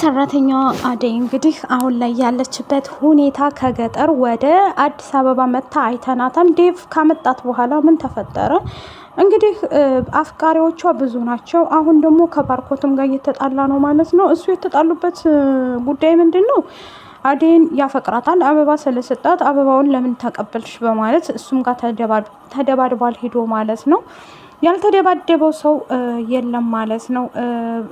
ሰራተኛዋ አደይ እንግዲህ አሁን ላይ ያለችበት ሁኔታ ከገጠር ወደ አዲስ አበባ መታ አይተናታል። ዴቭ ካመጣት በኋላ ምን ተፈጠረ? እንግዲህ አፍቃሪዎቿ ብዙ ናቸው። አሁን ደግሞ ከባርኮትም ጋር እየተጣላ ነው ማለት ነው። እሱ የተጣሉበት ጉዳይ ምንድን ነው? አደይን ያፈቅራታል። አበባ ስለሰጣት አበባውን ለምን ተቀበልሽ በማለት እሱም ጋር ተደባድቧል ሄዶ ማለት ነው። ያልተደባደበው ሰው የለም ማለት ነው።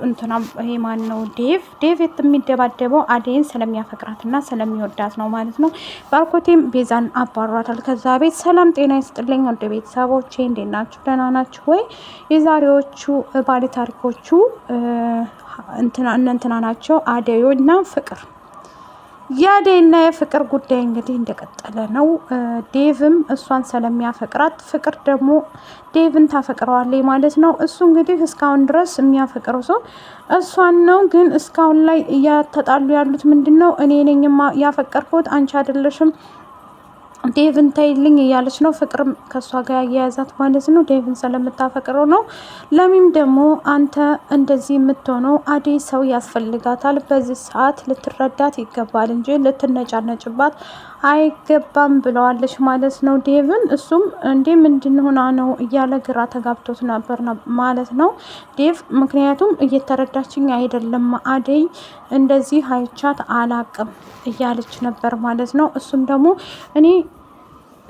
እንትና ይሄ ማን ነው? ዴቭ ዴቭ የሚደባደበው አደይን ስለሚያፈቅራትና ስለሚወዳት ነው ማለት ነው። ባርኮቴም ቤዛን አባሯታል ከዛ ቤት። ሰላም ጤና ይስጥልኝ ወደ ቤተሰቦች እንዴት ናችሁ? ደህና ናችሁ ወይ? የዛሬዎቹ ባለታሪኮቹ እንትና እነ እንትና ናቸው አደዮና ፍቅር የአደይና የፍቅር ጉዳይ እንግዲህ እንደቀጠለ ነው። ዴቭም እሷን ስለሚያፈቅራት ፍቅር ደግሞ ዴቭን ታፈቅረዋለች ማለት ነው። እሱ እንግዲህ እስካሁን ድረስ የሚያፈቅረው ሰው እሷን ነው። ግን እስካሁን ላይ እያተጣሉ ያሉት ምንድን ነው? እኔ ነኝ ያፈቀርኩት አንቺ አይደለሽም ዴቭን ታይልኝ እያለች ነው። ፍቅርም ከእሷ ጋር እያያዛት ማለት ነው። ዴቭን ስለምታፈቅረው ነው። ለሚም ደግሞ አንተ እንደዚህ የምትሆነው አደይ ሰው ያስፈልጋታል በዚህ ሰዓት ልትረዳት ይገባል እንጂ ልትነጫነጭባት አይገባም ብለዋለች ማለት ነው ዴቭን። እሱም እንዴ ምንድን ሆና ነው እያለ ግራ ተጋብቶት ነበር ማለት ነው ዴቭ። ምክንያቱም እየተረዳችኝ አይደለም አደይ እንደዚህ አይቻት አላቅም እያለች ነበር ማለት ነው። እሱም ደግሞ እኔ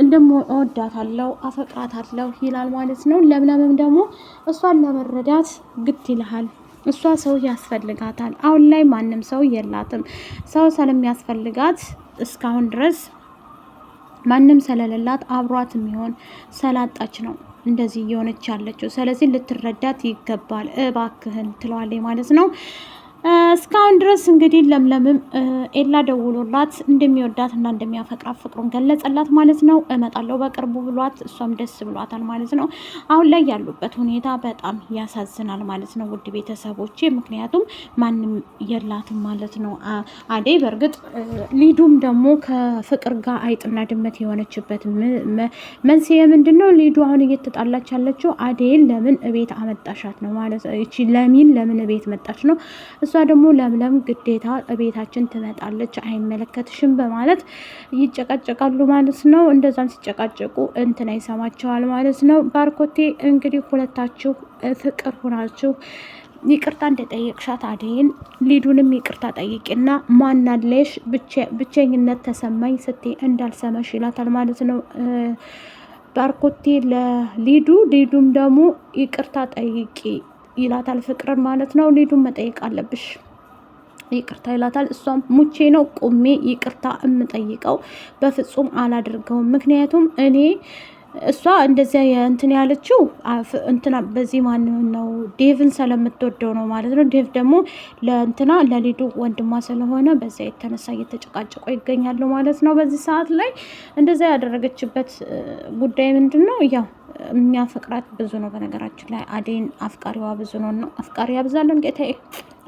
እንደሞ እወዳታለሁ አፈቅራታለሁ ይላል ማለት ነው። ለምለምም ደግሞ እሷን ለመረዳት ግድ ይልሃል። እሷ ሰው ያስፈልጋታል። አሁን ላይ ማንም ሰው የላትም። ሰው ስለሚያስፈልጋት እስካሁን ድረስ ማንም ስለሌላት አብሯት የሚሆን ሰላጣች ነው እንደዚህ እየሆነች ያለችው። ስለዚህ ልትረዳት ይገባል እባክህን ትለዋለች ማለት ነው። እስካሁን ድረስ እንግዲህ ለምለምም ኤላ ደውሎላት እንደሚወዳት እና እንደሚያፈቅራት ፍቅሩን ገለጸላት ማለት ነው። እመጣለሁ በቅርቡ ብሏት እሷም ደስ ብሏታል ማለት ነው። አሁን ላይ ያሉበት ሁኔታ በጣም ያሳዝናል ማለት ነው፣ ውድ ቤተሰቦቼ። ምክንያቱም ማንም የላትም ማለት ነው። አደይ በእርግጥ ሊዱም ደግሞ ከፍቅር ጋር አይጥና ድመት የሆነችበት መንስኤ ምንድን ነው? ሊዱ አሁን እየተጣላች ያለችው አደይን ለምን እቤት አመጣሻት ነው ማለት ለሚን ለምን እቤት መጣች ነው ደግሞ ለምለም ግዴታ ቤታችን ትመጣለች አይመለከትሽም በማለት ይጨቃጨቃሉ ማለት ነው። እንደዛም ሲጨቃጨቁ እንትና ይሰማቸዋል ማለት ነው። ባርኮቴ እንግዲህ ሁለታችሁ ፍቅር ሁናችሁ ይቅርታ እንደጠየቅሻት አደይን ሊዱንም ይቅርታ ጠይቂና ማናለሽ ብቸኝነት ተሰማኝ ስትይ እንዳልሰመሽ ይላታል ማለት ነው። ባርኮቴ ለሊዱ ሊዱም ደግሞ ይቅርታ ጠይቂ ይላታል። ፍቅርን ማለት ነው። ሊዱን መጠየቅ አለብሽ ይቅርታ ይላታል። እሷም ሙቼ ነው ቁሜ ይቅርታ የምጠይቀው በፍጹም አላደርገውም። ምክንያቱም እኔ እሷ እንደዚያ የእንትን ያለችው እንትና በዚህ ማንም ነው ዴቭን ስለምትወደው ነው ማለት ነው። ዴቭ ደግሞ ለእንትና ለሊዱ ወንድሟ ስለሆነ በዚያ የተነሳ እየተጨቃጨቆ ይገኛሉ ማለት ነው። በዚህ ሰዓት ላይ እንደዚያ ያደረገችበት ጉዳይ ምንድን ነው? ያው የሚያፈቅራት ብዙ ነው። በነገራችን ላይ አዴን አፍቃሪዋ ብዙ ነው ነው አፍቃሪ ያብዛልን ጌታዬ፣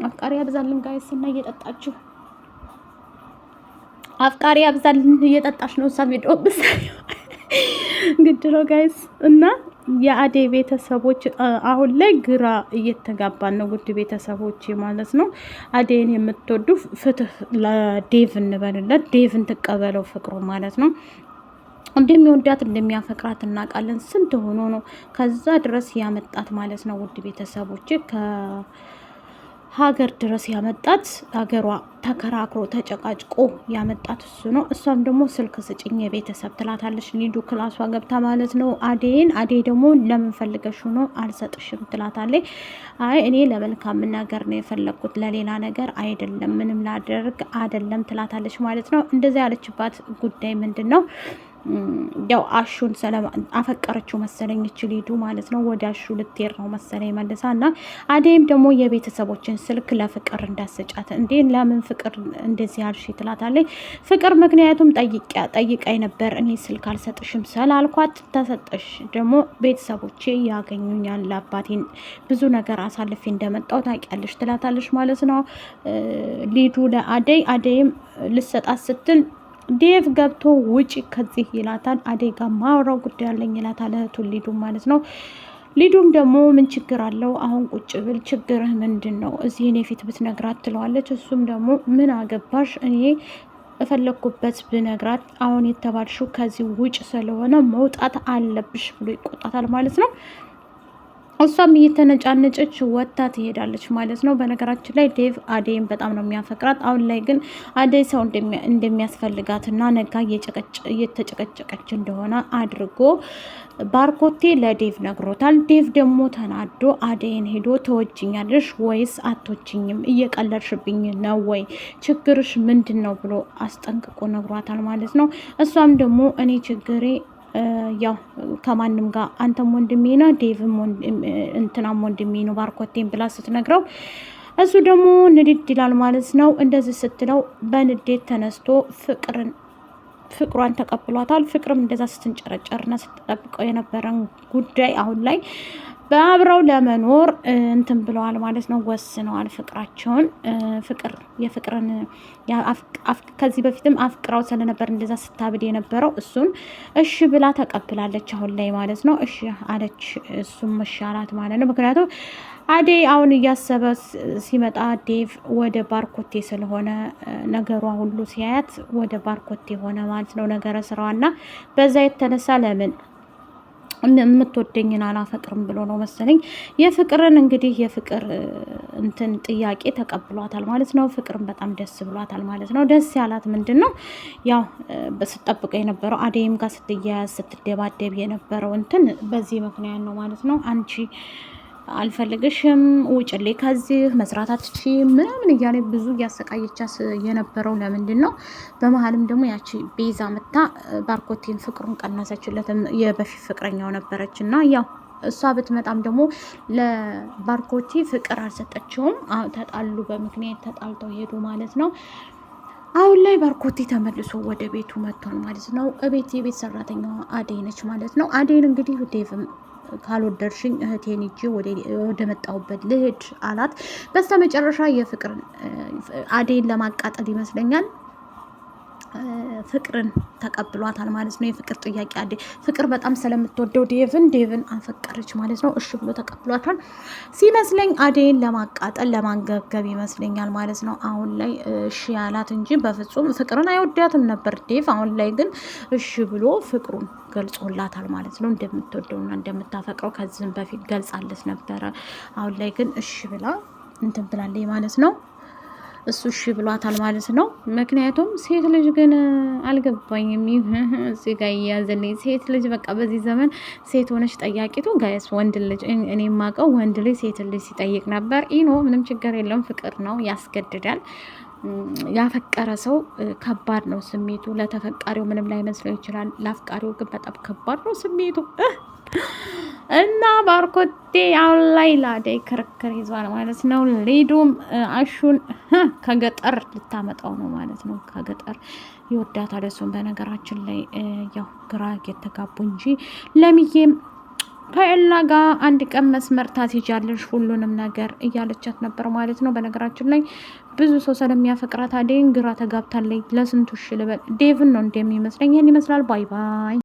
አፍቃሪ ያብዛልን ጋይስና እየጠጣችሁ አፍቃሪ ያብዛልን እየጠጣች ነው ብሳ ግድ ነው ጋይስ እና የአዴ ቤተሰቦች አሁን ላይ ግራ እየተጋባን ነው። ውድ ቤተሰቦች ማለት ነው። አዴን የምትወዱ ፍትህ ለዴቭ እንበልለት። ዴቭን ትቀበለው ፍቅሩ ማለት ነው። እንደሚወዳት እንደሚያፈቅራት እናውቃለን። ስንት ሆኖ ነው ከዛ ድረስ ያመጣት ማለት ነው። ውድ ቤተሰቦች ሀገር ድረስ ያመጣት ሀገሯ ተከራክሮ ተጨቃጭቆ ያመጣት እሱ ነው። እሷም ደግሞ ስልክ ስጭኝ የቤተሰብ ትላታለች። ሊዱ ክላሷ ገብታ ማለት ነው አዴይን። አዴይ ደግሞ ለምን ፈልገሽ ነው አልሰጥሽም ትላታለች። አይ እኔ ለመልካም ነገር ነው የፈለግኩት ለሌላ ነገር አይደለም፣ ምንም ላደርግ አይደለም ትላታለች ማለት ነው። እንደዚያ ያለችባት ጉዳይ ምንድን ነው? ያው አሹን አፈቀረችው መሰለኝ ሊዱ ማለት ነው። ወደ አሹ ልትሄድ ነው መሰለኝ መልሳ እና አደይም ደግሞ የቤተሰቦችን ስልክ ለፍቅር እንዳሰጫት እንዴ ለምን ፍቅር እንደዚህ አልሽ ትላታለች። ፍቅር ምክንያቱም ጠይቂያ ጠይቃይ ነበር እኔ ስልክ አልሰጥሽም ስላልኳት ተሰጠሽ። ደግሞ ቤተሰቦቼ ያገኙኛል አባቴን ብዙ ነገር አሳልፌ እንደመጣው ታውቂያለሽ ትላታለች ማለት ነው ሊዱ ለአደይ አደይም ልሰጣት ስትል ዴቭ ገብቶ ውጪ ከዚህ ይላታል። አደጋ ማውራው ጉዳይ አለኝ ይላታል እህቱን ሊዱም ማለት ነው። ሊዱም ደግሞ ምን ችግር አለው አሁን ቁጭ ብል ችግርህ ምንድን ነው እዚህ እኔ ፊት ብትነግራት ትለዋለች። እሱም ደግሞ ምን አገባሽ እኔ እፈለግኩበት ብነግራት አሁን የተባልሽው ከዚህ ውጭ ስለሆነ መውጣት አለብሽ ብሎ ይቆጣታል ማለት ነው። እሷም እየተነጫነጨች ወታ ትሄዳለች ማለት ነው። በነገራችን ላይ ዴቭ አደይን በጣም ነው የሚያፈቅራት። አሁን ላይ ግን አደይ ሰው እንደሚያስፈልጋትና ነጋ እየተጨቀጨቀች እንደሆነ አድርጎ ባርኮቴ ለዴቭ ነግሮታል። ዴቭ ደግሞ ተናዶ አደይን ሄዶ ተወጅኛለሽ ወይስ አቶችኝም እየቀለድሽብኝ ነው ወይ ችግርሽ ምንድን ነው ብሎ አስጠንቅቆ ነግሯታል ማለት ነው። እሷም ደግሞ እኔ ችግሬ ያው ከማንም ጋር አንተም ወንድሜ ነው፣ ዴቭም እንትናም ወንድሜ ነው ባርኮቴም ብላ ስትነግረው እሱ ደግሞ ንድድ ይላል ማለት ነው። እንደዚህ ስትለው በንዴት ተነስቶ ፍቅርን ፍቅሯን ተቀብሏታል። ፍቅርም እንደዛ ስትንጨረጨርና ስትጠብቀው የነበረን ጉዳይ አሁን ላይ በአብረው ለመኖር እንትን ብለዋል ማለት ነው፣ ወስነዋል ፍቅራቸውን። ፍቅር የፍቅርን ከዚህ በፊትም አፍቅረው ስለነበር እንደዛ ስታብድ የነበረው እሱን እሺ ብላ ተቀብላለች፣ አሁን ላይ ማለት ነው። እሺ አለች፣ እሱም መሻላት ማለት ነው። ምክንያቱም አዴ አሁን እያሰበ ሲመጣ ዴቭ ወደ ባርኮቴ ስለሆነ ነገሯ ሁሉ ሲያያት ወደ ባርኮቴ ሆነ ማለት ነው ነገረ ስራዋና በዛ የተነሳ ለምን የምትወደኝን አላፈቅርም ብሎ ነው መሰለኝ የፍቅርን እንግዲህ የፍቅር እንትን ጥያቄ ተቀብሏታል ማለት ነው። ፍቅርን በጣም ደስ ብሏታል ማለት ነው። ደስ ያላት ምንድን ነው ያው ስጠብቀው የነበረው አደይም ጋር ስትያያዝ ስትደባደብ የነበረው እንትን በዚህ ምክንያት ነው ማለት ነው አንቺ አልፈልግሽም፣ ውጭሌ ከዚህ መስራት አትች ምናምን እያለ ብዙ እያሰቃየቻት የነበረው ለምንድን ነው? በመሀልም ደግሞ ያቺ ቤዛ መታ ባርኮቴን ፍቅሩን ቀነሰችለት። የበፊት ፍቅረኛው ነበረች እና ያው እሷ ብትመጣም ደግሞ ለባርኮቴ ፍቅር አልሰጠችውም። ተጣሉ፣ በምክንያት ተጣልተው ሄዱ ማለት ነው። አሁን ላይ ባርኮቴ ተመልሶ ወደ ቤቱ መጥቷል ማለት ነው። እቤት የቤት ሰራተኛዋ አዴ ነች ማለት ነው። አዴን እንግዲህ ዴቭም ካልወደድሽኝ እህቴን ይዤ ወደ መጣሁበት ልሂድ አላት። በስተመጨረሻ የፍቅር አዴን ለማቃጠል ይመስለኛል ፍቅርን ተቀብሏታል ማለት ነው። የፍቅር ጥያቄ አለ። ፍቅር በጣም ስለምትወደው ዴቭን ዴቭን አፈቀረች ማለት ነው። እሺ ብሎ ተቀብሏታል ሲመስለኝ፣ አዴን ለማቃጠል ለማንገብገብ ይመስለኛል ማለት ነው። አሁን ላይ እሺ ያላት እንጂ በፍጹም ፍቅርን አይወዳትም ነበር ዴቭ። አሁን ላይ ግን እሺ ብሎ ፍቅሩን ገልጾላታል ማለት ነው። እንደምትወደውና እንደምታፈቅረው ከዚህም በፊት ገልጻለት ነበረ። አሁን ላይ ግን እሺ ብላ እንትን ብላለች ማለት ነው። እሱ እሺ ብሏታል ማለት ነው። ምክንያቱም ሴት ልጅ ግን አልገባኝም። እዚህ ጋር እያዘልኝ ሴት ልጅ በቃ በዚህ ዘመን ሴት ሆነች ጠያቂቱ ጋስ ወንድ ልጅ እኔ የማውቀው ወንድ ልጅ ሴት ልጅ ሲጠይቅ ነበር። ኢኖ ምንም ችግር የለውም ፍቅር ነው ያስገድዳል። ያፈቀረ ሰው ከባድ ነው ስሜቱ። ለተፈቃሪው ምንም ላይመስለው ይችላል። ለአፍቃሪው ግን በጣም ከባድ ነው ስሜቱ እና ባርኮቴ አሁን ላይ ለአደይ ክርክር ይዟል ማለት ነው። ሊዱም አሹን ከገጠር ልታመጣው ነው ማለት ነው። ከገጠር ይወዳታል እሱን። በነገራችን ላይ ያው ግራ የተጋቡ እንጂ ለሚዬም ከኤላ ጋር አንድ ቀን መስመር ታስይዣለሽ ሁሉንም ነገር እያለቻት ነበር ማለት ነው። በነገራችን ላይ ብዙ ሰው ስለሚያፈቅራት አደይን ግራ ተጋብታለች። ለስንቱ ልበል? ዴቭን ነው እንደሚመስለኝ። ይህን ይመስላል። ባይ ባይ